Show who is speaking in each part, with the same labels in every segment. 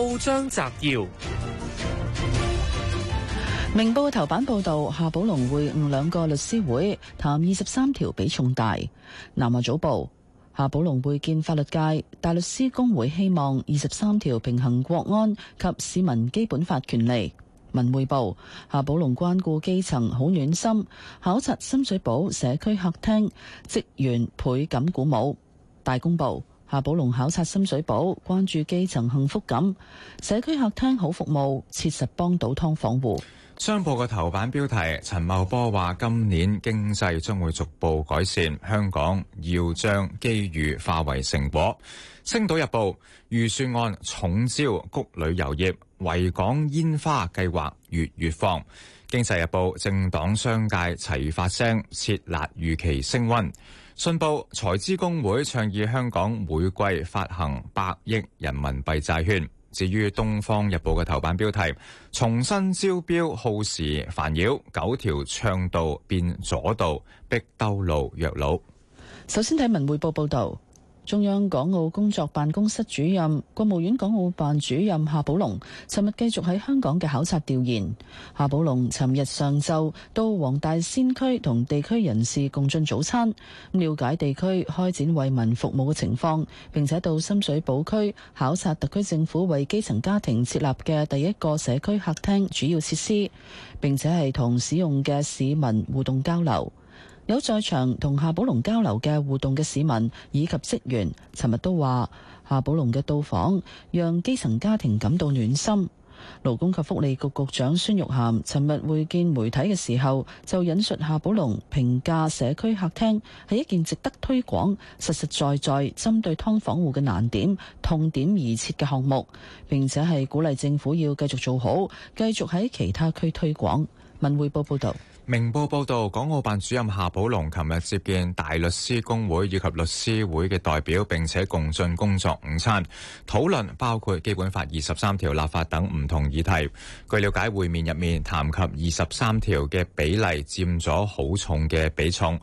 Speaker 1: 報章摘要：明報頭版報道，夏寶龍會晤兩個律師會，談二十三條比重大。南華早報：夏寶龍會見法律界大律師公會，希望二十三條平衡國安及市民基本法權利。文匯報：夏寶龍關顧基層好暖心，考察深水埗社區客廳，職員倍感鼓舞。大公報。夏寶龍考察深水埗，關注基層幸福感，社區客廳好服務，切實幫到劏房戶。
Speaker 2: 商報嘅頭版標題：陳茂波話今年經濟將會逐步改善，香港要將機遇化為成果。星島日報，預算案重招谷旅遊業，維港煙花計劃月月放。經濟日報，政黨商界齊發聲，撤辣預期升溫。信報財資公會倡議香港每季發行百億人民幣債券。至於《東方日報》嘅頭版標題：重新招標耗時煩擾，九條暢道變左道，逼兜路弱老。
Speaker 1: 首先睇《文匯報》報導。中央港澳工作辦公室主任、國務院港澳辦主任夏寶龍尋日繼續喺香港嘅考察調研。夏寶龍尋日上晝到黃大仙區同地區人士共進早餐，了解地區開展為民服務嘅情況，並且到深水埗區考察特區政府為基層家庭設立嘅第一個社區客廳主要設施，並且係同使用嘅市民互動交流。有在場同夏寶龍交流嘅互動嘅市民以及職員，尋日都話夏寶龍嘅到訪讓基層家庭感到暖心。勞工及福利局局長孫玉菡尋日會見媒體嘅時候，就引述夏寶龍評價社區客廳係一件值得推廣、實實在在針對㓥房戶嘅難點、痛點而設嘅項目，並且係鼓勵政府要繼續做好，繼續喺其他區推廣。文匯報報導。
Speaker 2: 明報報導，港澳辦主任夏寶龍琴日接見大律師公會以及律師會嘅代表，並且共進工作午餐，討論包括基本法二十三條立法等唔同議題。據了解，會面入面談及二十三條嘅比例佔咗好重嘅比重。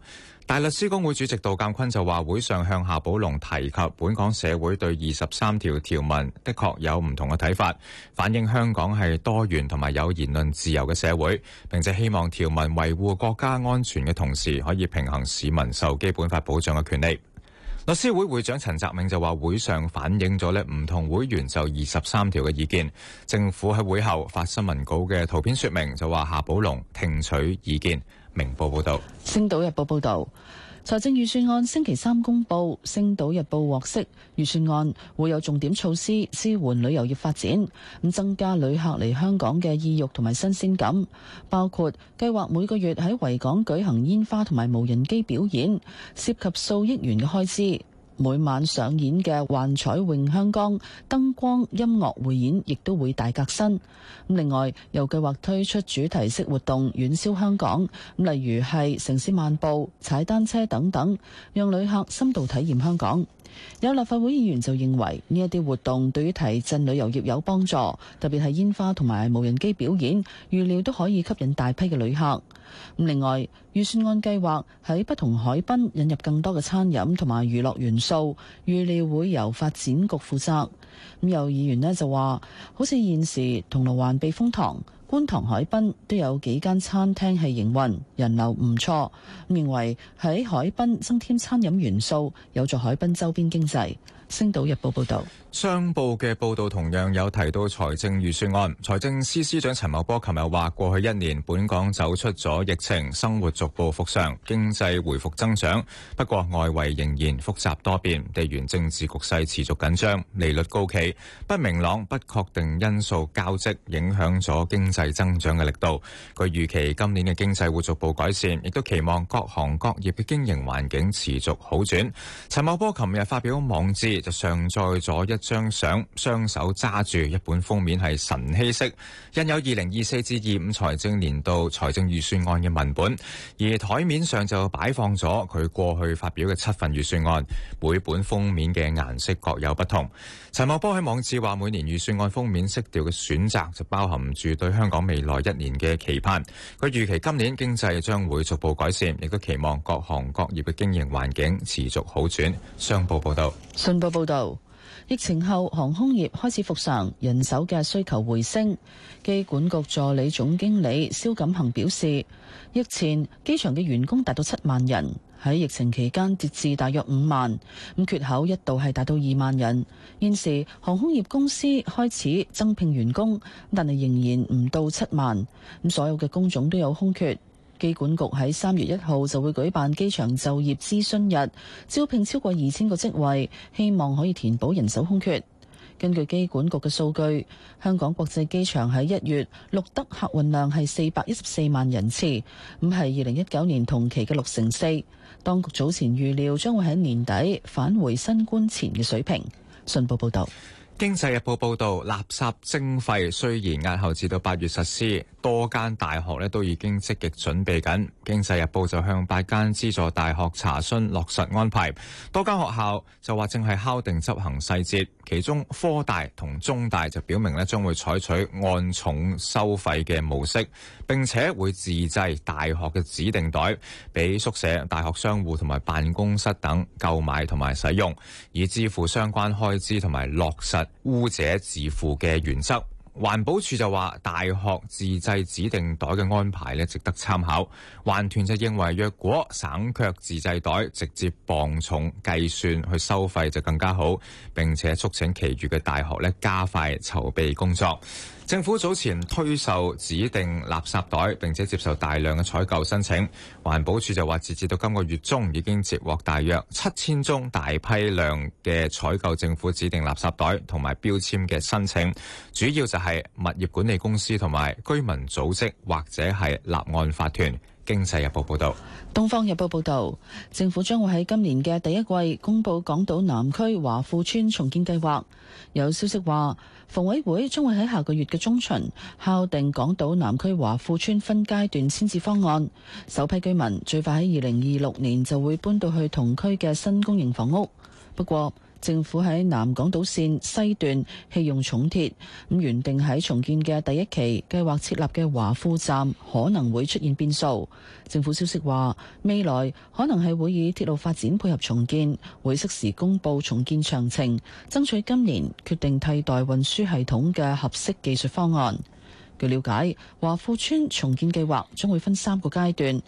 Speaker 2: 大律師公會主席杜淦堃就話，會上向夏寶龍提及，本港社會對二十三條條文的確有唔同嘅睇法，反映香港係多元同埋有言論自由嘅社會，並且希望條文維護國家安全嘅同時，可以平衡市民受基本法保障嘅權利。律師會會長陳澤銘就話，會上反映咗呢唔同會員就二十三條嘅意見。政府喺會後發新聞稿嘅圖片說明就話，夏寶龍聽取意見。明報報導，
Speaker 1: 《星島日報》報導，財政預算案星期三公佈，《星島日報》獲悉，預算案會有重點措施支援旅遊業發展，咁增加旅客嚟香港嘅意欲同埋新鮮感，包括計劃每個月喺維港舉行煙花同埋無人機表演，涉及數億元嘅開支。每晚上演嘅幻彩詠香江燈光音樂匯演亦都會大革新。咁另外又計劃推出主題式活動遠銷香港，咁例如係城市漫步、踩單車等等，讓旅客深度體驗香港。有立法會議員就認為呢一啲活動對於提振旅遊業有幫助，特別係煙花同埋無人機表演，預料都可以吸引大批嘅旅客。另外，預算案計劃喺不同海濱引入更多嘅餐飲同埋娛樂元素，預料會由發展局負責。咁有議員呢就話，好似現時銅鑼灣避風塘。觀塘海濱都有幾間餐廳係營運，人流唔錯，認為喺海濱增添餐飲元素，有助海濱周邊經濟。《星島日報》報道，
Speaker 2: 商報嘅報道同樣有提到財政預算案。財政司司長陳茂波琴日話，過去一年本港走出咗疫情，生活逐步復上，經濟回復增長。不過外圍仍然複雜多變，地緣政治局勢持續緊張，利率高企，不明朗、不確定因素交織，影響咗經濟增長嘅力度。佢預期今年嘅經濟會逐步改善，亦都期望各行各業嘅經營環境持續好轉。陳茂波琴日發表網誌。就上載咗一張相，雙手揸住一本封面係神希式，印有二零二四至二五財政年度財政預算案嘅文本。而台面上就擺放咗佢過去發表嘅七份預算案，每本封面嘅顏色各有不同。陳茂波喺網誌話：每年預算案封面色調嘅選擇就包含住對香港未來一年嘅期盼。佢預期今年經濟將會逐步改善，亦都期望各行各業嘅經營環境持續好轉。商報報道。
Speaker 1: 報道，疫情後航空業開始復常，人手嘅需求回升。機管局助理總經理蕭錦恒表示，疫前機場嘅員工達到七萬人，喺疫情期間跌至大約五萬，咁缺口一度係達到二萬人。現時航空業公司開始增聘員工，但係仍然唔到七萬，咁所有嘅工種都有空缺。機管局喺三月一號就會舉辦機場就業諮詢日，招聘超過二千個職位，希望可以填補人手空缺。根據機管局嘅數據，香港國際機場喺一月錄得客運量係四百一十四萬人次，咁係二零一九年同期嘅六成四。當局早前預料將會喺年底返回新冠前嘅水平。信報報道。
Speaker 2: 經濟日報報道，垃圾徵費雖然押後至到八月實施，多間大學咧都已經積極準備緊。經濟日報就向八間資助大學查詢落實安排，多間學校就話正係敲定執行細節。其中科大同中大就表明咧將會採取按重收費嘅模式，並且會自製大學嘅指定袋，俾宿舍、大學商戶同埋辦公室等購買同埋使用，以支付相關開支同埋落實污者自負嘅原則。環保署就話大學自製指定袋嘅安排呢，值得參考。環團就認為，若果省卻自製袋，直接磅重計算去收費就更加好，並且促請其餘嘅大學呢，加快籌備工作。政府早前推售指定垃圾袋，並且接受大量嘅採購申請。環保署就話，截至到今個月中，已經接獲大約七千宗大批量嘅採購政府指定垃圾袋同埋標籤嘅申請，主要就係、是。係物業管理公司同埋居民組織，或者係立案法團。經濟日報報道，
Speaker 1: 東方日報報道，政府將會喺今年嘅第一季公布港島南區華富邨重建計劃。有消息話，房委會將會喺下個月嘅中旬敲定港島南區華富邨分階段遷置方案，首批居民最快喺二零二六年就會搬到去同區嘅新公營房屋。不過，政府喺南港島線西段棄用重鐵，咁原定喺重建嘅第一期計劃設立嘅華富站可能會出現變數。政府消息話，未來可能係會以鐵路發展配合重建，會適時公布重建詳情，爭取今年決定替代運輸系統嘅合適技術方案。據了解，華富村重建計劃將會分三個階段，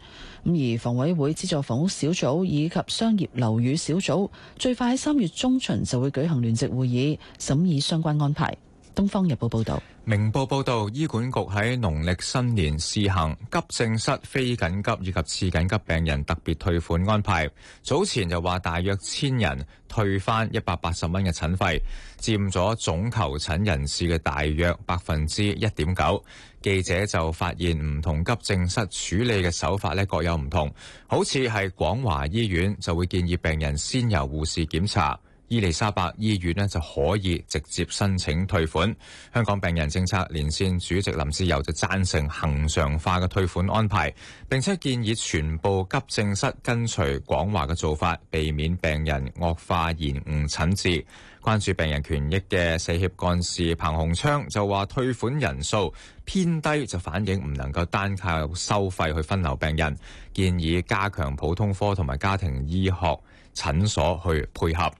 Speaker 1: 咁而房委會資助房屋小組以及商業樓宇小組最快喺三月中旬就會舉行聯席會議，審議相關安排。《東方日報》報道，
Speaker 2: 明報報道，醫管局喺農曆新年試行急症室非緊急以及次緊急病人特別退款安排。早前又話大約千人退翻一百八十蚊嘅診費，佔咗總求診人士嘅大約百分之一點九。記者就發現唔同急症室處理嘅手法咧各有唔同，好似係廣華醫院就會建議病人先由護士檢查。伊麗莎白醫院咧就可以直接申請退款。香港病人政策連線主席林志友就贊成恒常化嘅退款安排，並且建議全部急症室跟隨廣華嘅做法，避免病人惡化延誤診治。關注病人權益嘅社協幹事彭鴻昌就話，退款人數偏低就反映唔能夠單靠收費去分流病人，建議加強普通科同埋家庭醫學。診所去配合，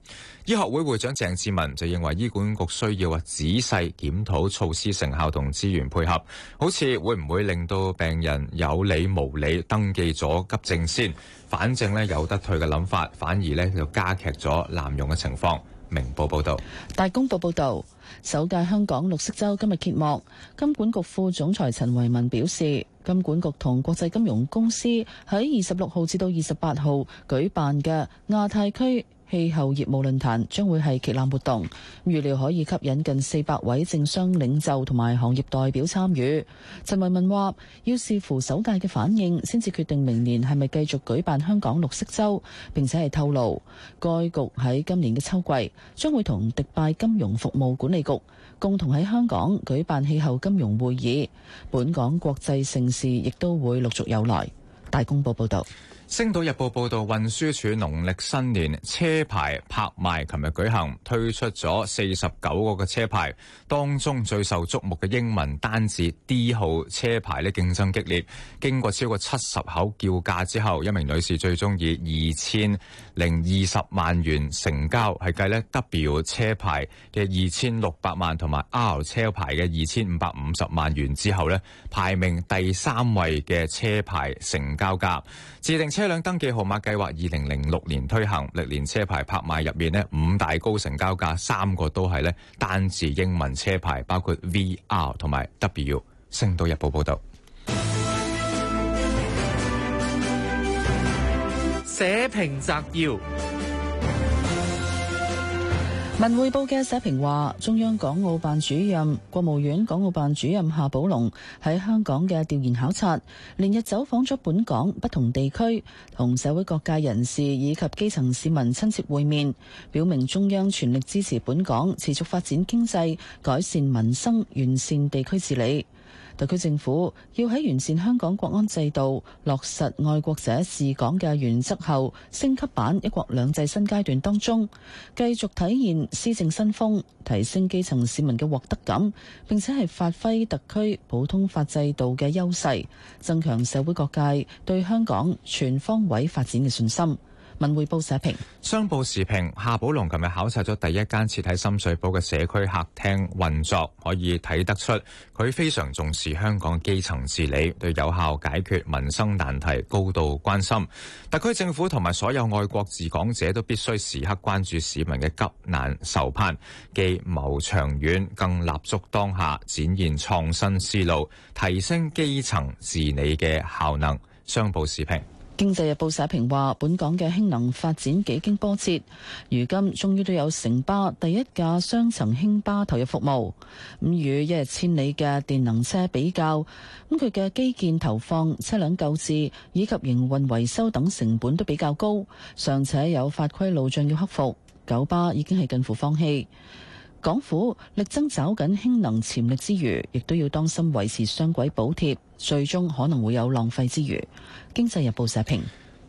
Speaker 2: 醫學會會長鄭志文就認為醫管局需要啊仔細檢討措施成效同資源配合，好似會唔會令到病人有理無理登記咗急症先，反正咧有得退嘅諗法，反而咧就加劇咗濫用嘅情況。明報報導，
Speaker 1: 大公報報導，首屆香港綠色週今日揭幕。金管局副總裁陳維文表示，金管局同國際金融公司喺二十六號至到二十八號舉辦嘅亞太區。氣候業務論壇將會係旗艦活動，預料可以吸引近四百位政商領袖同埋行業代表參與。陳文敏話要視乎首屆嘅反應，先至決定明年係咪繼續舉辦香港綠色周，並且係透露該局喺今年嘅秋季將會同迪拜金融服務管理局共同喺香港舉辦氣候金融會議，本港國際盛事亦都會陸續有來。大公報報道。
Speaker 2: 星島日報報道，運輸署農曆新年車牌拍賣琴日舉行，推出咗四十九個嘅車牌，當中最受矚目嘅英文單字 D 號車牌咧競爭激烈，經過超過七十口叫價之後，一名女士最終以二千零二十萬元成交，係計咧 W 車牌嘅二千六百萬同埋 R 車牌嘅二千五百五十萬元之後咧，排名第三位嘅車牌成交價，指定。車輛登記號碼計劃二零零六年推行，歷年車牌拍賣入面呢，五大高成交價三個都係呢單字英文車牌，包括 V R 同埋 W。《星島日報》報道，社評摘要。
Speaker 1: 文匯報嘅社評話，中央港澳辦主任、國務院港澳辦主任夏寶龍喺香港嘅調研考察，連日走訪咗本港不同地區，同社會各界人士以及基層市民親切會面，表明中央全力支持本港持續發展經濟、改善民生、完善地區治理。特區政府要喺完善香港國安制度、落實愛國者治港嘅原則後，升級版一國兩制新階段當中，繼續體現施政新風，提升基層市民嘅獲得感，並且係發揮特區普通法制度嘅優勢，增強社會各界對香港全方位發展嘅信心。文匯報社評：
Speaker 2: 商報時評，夏寶龍琴日考察咗第一間設喺深水埗嘅社區客廳運作，可以睇得出佢非常重視香港基層治理，對有效解決民生難題高度關心。特區政府同埋所有愛國治港者都必須時刻關注市民嘅急難愁盼，既謀長遠，更立足當下，展現創新思路，提升基層治理嘅效能。商報時評。
Speaker 1: 經濟日報社評話，本港嘅氫能發展幾經波折，如今終於都有城巴第一架雙層氫巴投入服務。咁與一日千里嘅電能車比較，咁佢嘅基建投放、車輛購置以及營運維修等成本都比較高，尚且有法規路障要克服，九巴已經係近乎放棄。港府力爭找緊氫能潛力之餘，亦都要當心維持雙軌補貼，最終可能會有浪費之餘。經濟日報社評。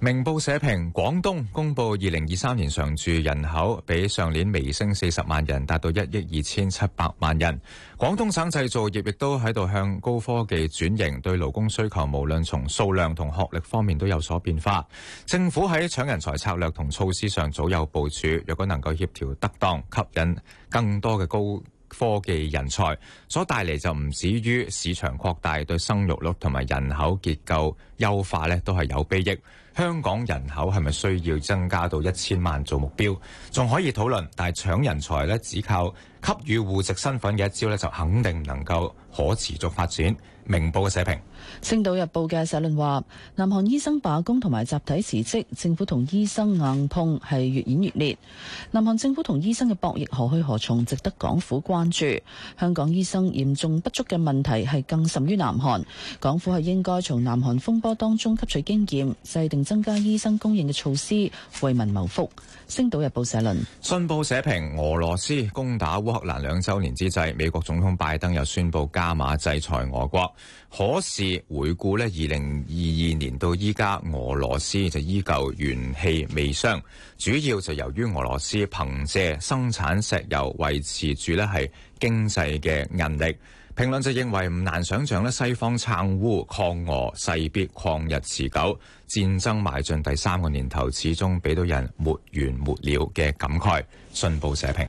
Speaker 2: 明報社評，廣東公布二零二三年常住人口比上年微升四十萬人，達到一億二千七百萬人。廣東省製造業亦都喺度向高科技轉型，對勞工需求無論從數量同學歷方面都有所變化。政府喺搶人才策略同措施上早有部署，若果能夠協調得當，吸引更多嘅高科技人才所帶嚟就唔止於市場擴大，對生育率同埋人口結構優化咧，都係有裨益。香港人口係咪需要增加到一千萬做目標？仲可以討論，但係搶人才咧，只靠給予戶籍身份嘅一招咧，就肯定能夠可持續發展。明報嘅社評，
Speaker 1: 《星島日報》嘅社論話：南韓醫生罷工同埋集體辭職，政府同醫生硬碰係越演越烈。南韓政府同醫生嘅博弈何去何從，值得港府關注。香港醫生嚴重不足嘅問題係更甚於南韓，港府係應該從南韓風波當中吸取經驗，制定增加醫生供應嘅措施，為民謀福。《星島日報》社論。
Speaker 2: 信報社評：俄羅斯攻打烏克蘭兩週年之際，美國總統拜登又宣布加碼制裁俄國。可是回顧咧，二零二二年到依家，俄羅斯就依舊元氣未傷，主要就由於俄羅斯憑借生產石油維持住呢係經濟嘅韌力。評論就認為唔難想象咧，西方撐烏抗俄勢必曠日持久，戰爭邁進第三個年頭，始終俾到人沒完沒了嘅感慨。信報社評。